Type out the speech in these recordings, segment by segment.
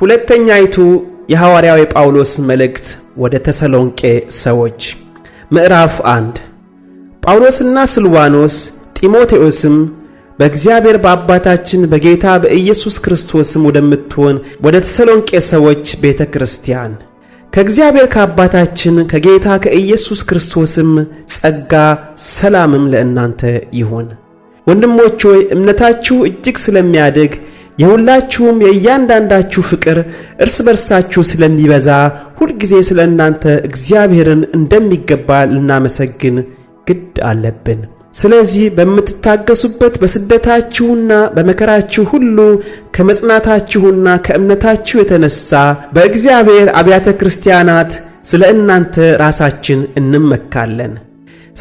ሁለተኛይቱ የሐዋርያው የጳውሎስ መልእክት ወደ ተሰሎንቄ ሰዎች ምዕራፍ አንድ ጳውሎስና ስልዋኖስ ጢሞቴዎስም በእግዚአብሔር በአባታችን በጌታ በኢየሱስ ክርስቶስም ወደምትሆን ወደ ተሰሎንቄ ሰዎች ቤተ ክርስቲያን ከእግዚአብሔር ከአባታችን ከጌታ ከኢየሱስ ክርስቶስም ጸጋ ሰላምም ለእናንተ ይሁን። ወንድሞች ሆይ እምነታችሁ እጅግ ስለሚያድግ የሁላችሁም የእያንዳንዳችሁ ፍቅር እርስ በርሳችሁ ስለሚበዛ ሁልጊዜ ስለ እናንተ እግዚአብሔርን እንደሚገባ ልናመሰግን ግድ አለብን። ስለዚህ በምትታገሱበት በስደታችሁና በመከራችሁ ሁሉ ከመጽናታችሁና ከእምነታችሁ የተነሳ በእግዚአብሔር አብያተ ክርስቲያናት ስለ እናንተ ራሳችን እንመካለን።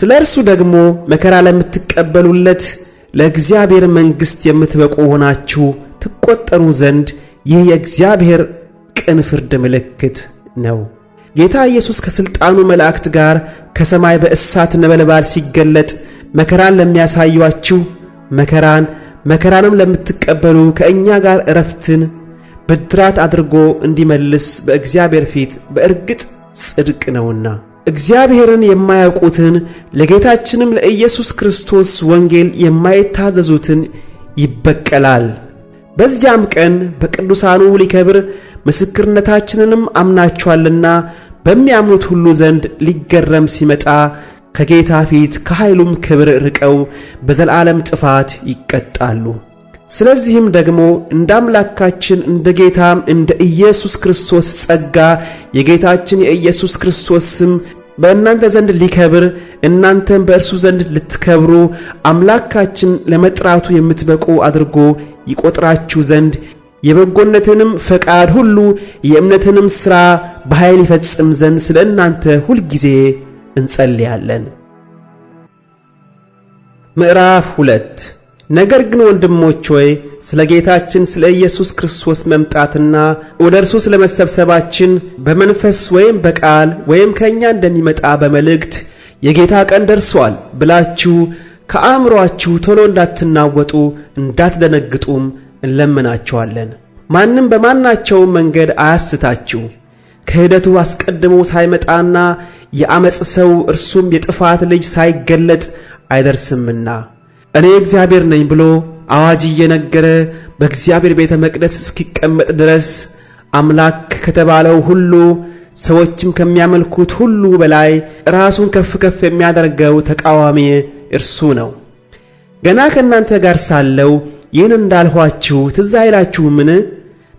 ስለ እርሱ ደግሞ መከራ ለምትቀበሉለት ለእግዚአብሔር መንግሥት የምትበቁ ሆናችሁ ትቆጠሩ ዘንድ ይህ የእግዚአብሔር ቅን ፍርድ ምልክት ነው። ጌታ ኢየሱስ ከሥልጣኑ መላእክት ጋር ከሰማይ በእሳት ነበልባል ሲገለጥ መከራን ለሚያሳዩአችሁ መከራን መከራንም ለምትቀበሉ ከእኛ ጋር እረፍትን ብድራት አድርጎ እንዲመልስ በእግዚአብሔር ፊት በእርግጥ ጽድቅ ነውና እግዚአብሔርን የማያውቁትን ለጌታችንም ለኢየሱስ ክርስቶስ ወንጌል የማይታዘዙትን ይበቀላል። በዚያም ቀን በቅዱሳኑ ሊከብር ምስክርነታችንንም አምናችኋልና በሚያምኑት ሁሉ ዘንድ ሊገረም ሲመጣ ከጌታ ፊት ከኃይሉም ክብር ርቀው በዘላለም ጥፋት ይቀጣሉ። ስለዚህም ደግሞ እንደ አምላካችን እንደ ጌታም እንደ ኢየሱስ ክርስቶስ ጸጋ የጌታችን የኢየሱስ ክርስቶስ ስም በእናንተ ዘንድ ሊከብር እናንተም በእርሱ ዘንድ ልትከብሩ አምላካችን ለመጥራቱ የምትበቁ አድርጎ ይቆጥራችሁ ዘንድ የበጎነትንም ፈቃድ ሁሉ የእምነትንም ሥራ በኃይል ይፈጽም ዘንድ ስለ እናንተ ሁልጊዜ እንጸልያለን። ምዕራፍ ሁለት ነገር ግን ወንድሞች ሆይ ስለ ጌታችን ስለ ኢየሱስ ክርስቶስ መምጣትና ወደ እርሱ ስለ መሰብሰባችን በመንፈስ ወይም በቃል ወይም ከእኛ እንደሚመጣ በመልእክት የጌታ ቀን ደርሷል ብላችሁ ከአእምሮአችሁ ቶሎ እንዳትናወጡ እንዳትደነግጡም እንለምናችኋለን። ማንም በማናቸውም መንገድ አያስታችሁ። ክህደቱ አስቀድሞ ሳይመጣና የአመፅ ሰው እርሱም የጥፋት ልጅ ሳይገለጥ አይደርስምና እኔ እግዚአብሔር ነኝ ብሎ አዋጅ እየነገረ በእግዚአብሔር ቤተ መቅደስ እስኪቀመጥ ድረስ አምላክ ከተባለው ሁሉ ሰዎችም ከሚያመልኩት ሁሉ በላይ ራሱን ከፍ ከፍ የሚያደርገው ተቃዋሚ እርሱ ነው። ገና ከእናንተ ጋር ሳለው ይህን እንዳልኋችሁ ትዝ አይላችሁምን?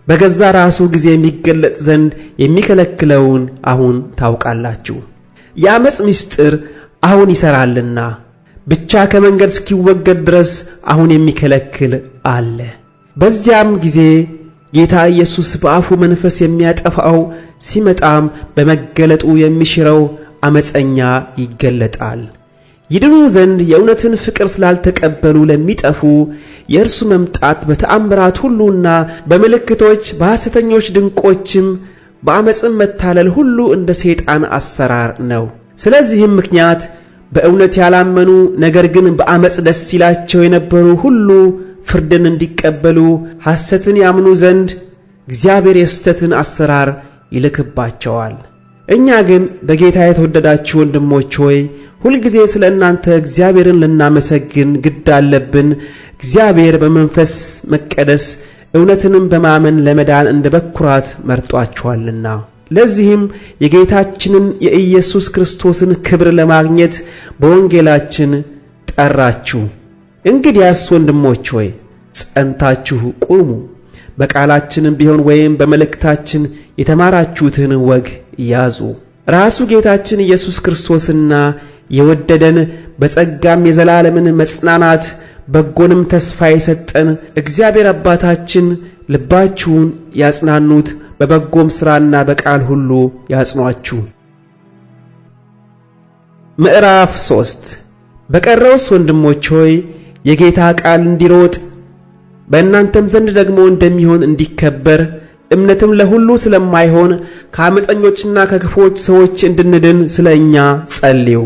በገዛ ራሱ ጊዜ የሚገለጥ ዘንድ የሚከለክለውን አሁን ታውቃላችሁ። የአመፅ ምስጢር አሁን ይሠራልና ብቻ ከመንገድ እስኪወገድ ድረስ አሁን የሚከለክል አለ። በዚያም ጊዜ ጌታ ኢየሱስ በአፉ መንፈስ የሚያጠፋው ሲመጣም በመገለጡ የሚሽረው አመፀኛ ይገለጣል። ይድኑ ዘንድ የእውነትን ፍቅር ስላልተቀበሉ ለሚጠፉ የእርሱ መምጣት በተአምራት ሁሉና በምልክቶች በሐሰተኞች ድንቆችም በአመፅም መታለል ሁሉ እንደ ሰይጣን አሰራር ነው። ስለዚህም ምክንያት በእውነት ያላመኑ ነገር ግን በአመፅ ደስ ይላቸው የነበሩ ሁሉ ፍርድን እንዲቀበሉ ሐሰትን ያምኑ ዘንድ እግዚአብሔር የስተትን አሰራር ይልክባቸዋል። እኛ ግን በጌታ የተወደዳችሁ ወንድሞች ሆይ ሁልጊዜ ስለ እናንተ እግዚአብሔርን ልናመሰግን ግድ አለብን። እግዚአብሔር በመንፈስ መቀደስ እውነትንም በማመን ለመዳን እንደ በኩራት መርጧችኋልና። ለዚህም የጌታችንን የኢየሱስ ክርስቶስን ክብር ለማግኘት በወንጌላችን ጠራችሁ። እንግዲያስ ወንድሞች ሆይ ጸንታችሁ ቁሙ፣ በቃላችንም ቢሆን ወይም በመልእክታችን የተማራችሁትን ወግ ያዙ። ራሱ ጌታችን ኢየሱስ ክርስቶስና የወደደን በጸጋም የዘላለምን መጽናናት በጎንም ተስፋ የሰጠን እግዚአብሔር አባታችን ልባችሁን ያጽናኑት በበጎም ሥራና በቃል ሁሉ ያጽኗችሁ። ምዕራፍ ሦስት በቀረውስ ወንድሞች ሆይ የጌታ ቃል እንዲሮጥ በእናንተም ዘንድ ደግሞ እንደሚሆን እንዲከበር እምነትም ለሁሉ ስለማይሆን ከአመፀኞችና ከክፎች ሰዎች እንድንድን ስለ እኛ ጸልዩ።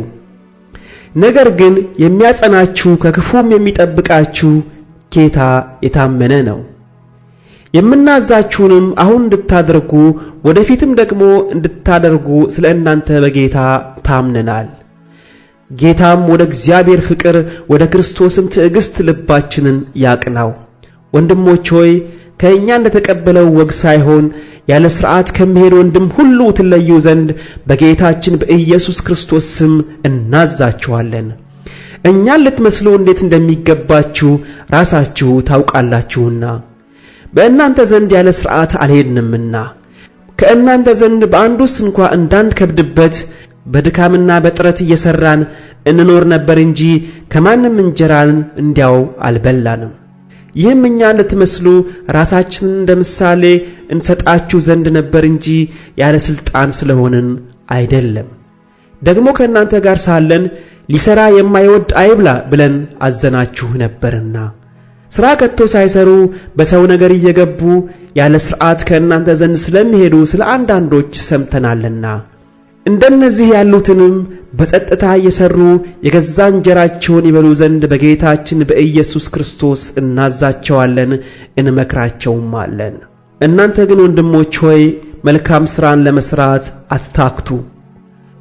ነገር ግን የሚያጸናችሁ ከክፉም የሚጠብቃችሁ ጌታ የታመነ ነው። የምናዛችሁንም አሁን እንድታደርጉ ወደፊትም ደግሞ እንድታደርጉ ስለ እናንተ በጌታ ታምነናል። ጌታም ወደ እግዚአብሔር ፍቅር ወደ ክርስቶስም ትዕግሥት ልባችንን ያቅናው። ወንድሞች ሆይ ከእኛ እንደተቀበለው ወግ ሳይሆን ያለ ሥርዓት ከሚሄድ ወንድም ሁሉ ትለዩ ዘንድ በጌታችን በኢየሱስ ክርስቶስ ስም እናዛችኋለን። እኛን ልትመስሉ እንዴት እንደሚገባችሁ ራሳችሁ ታውቃላችሁና በእናንተ ዘንድ ያለ ሥርዓት አልሄድንምና ከእናንተ ዘንድ በአንዱ ውስጥ እንኳ እንዳንከብድበት በድካምና በጥረት እየሰራን እንኖር ነበር እንጂ ከማንም እንጀራን እንዲያው አልበላንም። ይህም እኛ እንድትመስሉ ራሳችንን እንደ ምሳሌ እንሰጣችሁ ዘንድ ነበር እንጂ ያለ ሥልጣን ስለሆንን አይደለም። ደግሞ ከእናንተ ጋር ሳለን ሊሰራ የማይወድ አይብላ ብለን አዘናችሁ ነበርና ስራ ከቶ ሳይሰሩ በሰው ነገር እየገቡ ያለ ስርዓት ከእናንተ ዘንድ ስለሚሄዱ ስለ አንዳንዶች ሰምተናልና እንደነዚህ ያሉትንም በጸጥታ እየሰሩ የገዛ እንጀራቸውን ይበሉ ዘንድ በጌታችን በኢየሱስ ክርስቶስ እናዛቸዋለን አለን። እናንተ ግን ወንድሞች ሆይ መልካም ሥራን ለመሥራት አትታክቱ።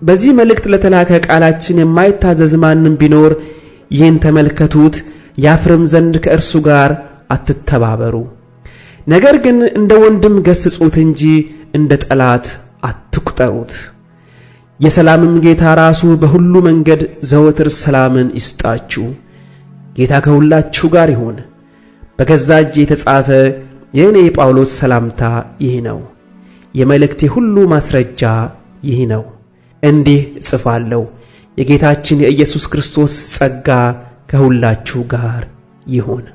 በዚህ መልእክት ለተላከ ቃላችን የማይታዘዝ ማንም ቢኖር ይህን ተመልከቱት ያፍርም ዘንድ ከእርሱ ጋር አትተባበሩ። ነገር ግን እንደ ወንድም ገስጹት እንጂ እንደ ጠላት አትቁጠሩት። የሰላምም ጌታ ራሱ በሁሉ መንገድ ዘወትር ሰላምን ይስጣችሁ። ጌታ ከሁላችሁ ጋር ይሁን። በገዛ እጄ የተጻፈ የእኔ የጳውሎስ ሰላምታ ይህ ነው። የመልእክቴ ሁሉ ማስረጃ ይህ ነው። እንዲህ እጽፋለሁ። የጌታችን የኢየሱስ ክርስቶስ ጸጋ ከሁላችሁ ጋር ይሁን።